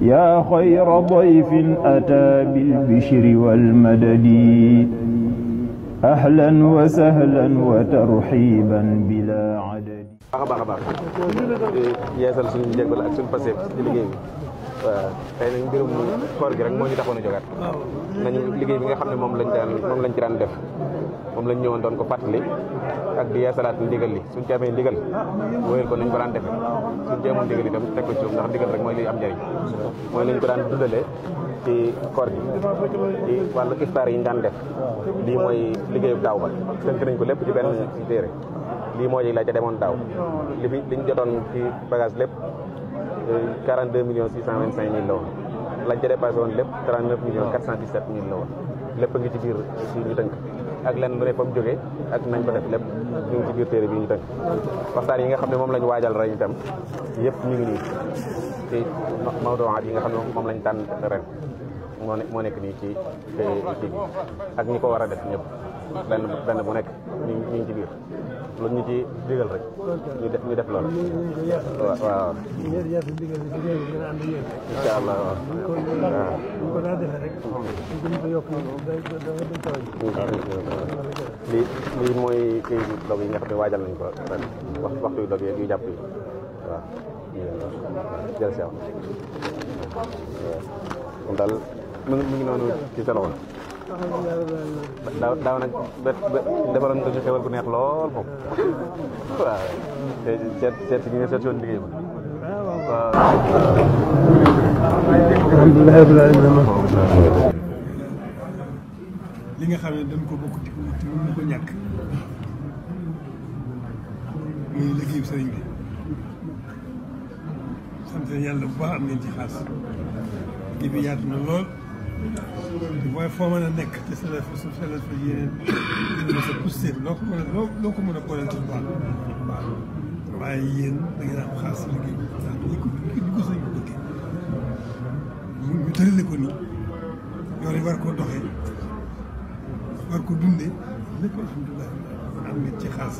يا خير ضيف أتى بالبشر والمدد أهلا وسهلا وترحيبا بلا عدد waaw tey nag koor gi rek moo ñu taxoon a jógaat nañu liggéey bi nga xam ne moom lañ daan moom lañ ci daan def moom lañ ñëwoon doon ko fàttali ak di yeesalaat ndigal li suñ ci ndigal wóyal ko nañ ko daan defee suñ ci amul ndigal itam teg ko ci ndax ndigal rek mooy liy am njëriñ mooy lañ ko daan dundalee ci koor gi ci wàllu yi ñu daan def lii mooy liggéeyu daaw ba nañ ko lépp ci benn téere lii la ca demoon daaw li liñ jotoon ci bagage lépp 42 millions 625 mille la woon lañ ca dépassé woon lépp 39 millions 417 mille la woon lépp a ngi ci biir si ñu tënk ak lenn lu ne fa mu jógee ak nañ ko def lépp ñu ngi ci biir téere bi ñu tënk waxtaan yi nga xam ne moom lañ waajal ren itam yëpp ñu ngi nii te mawduwaat yi nga xam ne moom lañ tànn ren moo ne moo nekk nii ci ci bi ak ñi ko war a def ñëpp benn benn bu nekk ñu ngi ci biir lu ñu ci digal rek def ñu def loolu li mooy kii dog yi nga xam ne waajal nañ ko ren wax waxtu yu dog yi jàpp yi waaw jël seew mu ngi noonu ci sa daaw daaw nag ba ba defaloon ko ci xewal gu neex lool moom waaw te seet seet si ñu nga seet si woon liggéey ba waaw. li nga xam ne dañ ko bokk ci ci mënu ko ñàkk muy liggéeyu sëriñ bi sant yàlla bu baax am nañ ci xaas liggéey bi yaatu na lool. mooy foo mën a nekk te sa la sa la fa yéene sa poussé loo ko mën a loo ko mën a boole tuuti waaye yéen da ngeen am xaalis liggéey ko nii yoon yi war koo doxee war ko dundee lépp alhamdulilah am nga ci xaalis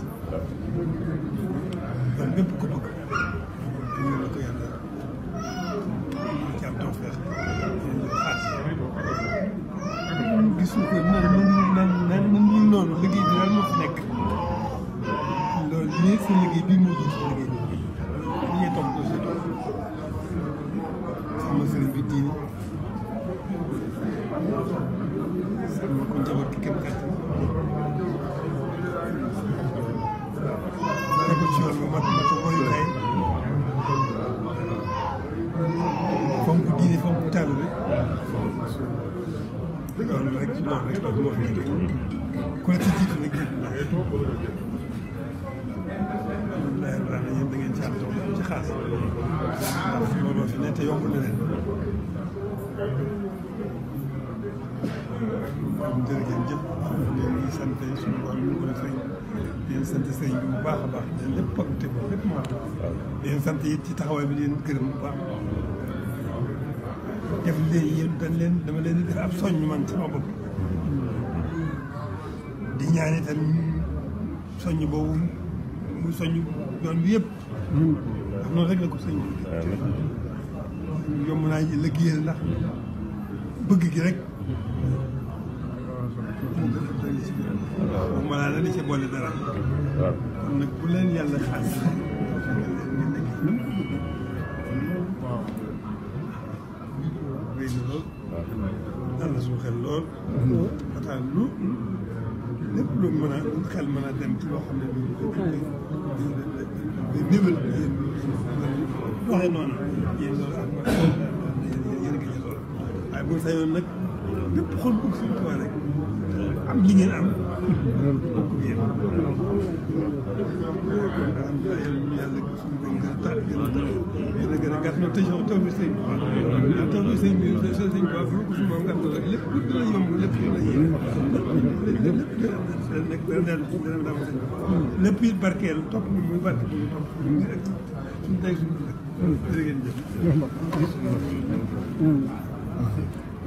kon lépp ko bëgg ñu la ko yàlla suukar nan mu ngi liggéey bi lan moo fi nekk loolu lii liggéey bi loolu rek loolu rek moo fi nekk ku la ci jiitu nag yëpp da ngay ne te yomb sant suñu sant sëñ bu baax a baax di leen lépp ak tegu lépp mat di leen sant it ci taxawaay bi di leen gërëm baax def leen yéen dañ leen dama leen def ab soññ man sama bopp di ñaan itam soññ boobu mu soññ yoon bi yëpp ndax noonu rek la ko soññ yomb naa liggéeyal ndax bëgg gi rek moom laa la di ci boole dara kon nag bu leen yàlla xaas rëy na lool. dal na suñu xel lool. ba tax lu lépp lu mën a xel mën a dem ci loo xam ne nii nii nii doxee noonu yéen loolu am yéen a ngi ci lool waaye bu ñu sañoon nag lépp xool bu Sëriñ Tuubaa rek. am li ngeen am. doon bokk ak yéen doon bokk ak gën a gàtt te ñoom taw bi sëñ bi waaw taw bi sëñ bi sëñ bi waaw ko suba nga xam lépp dina yomb lépp dina yéen lépp lépp it barkeel topp ñu muy barke bu ñu topp suñu tey suñu dëkk jërë ngeen jëf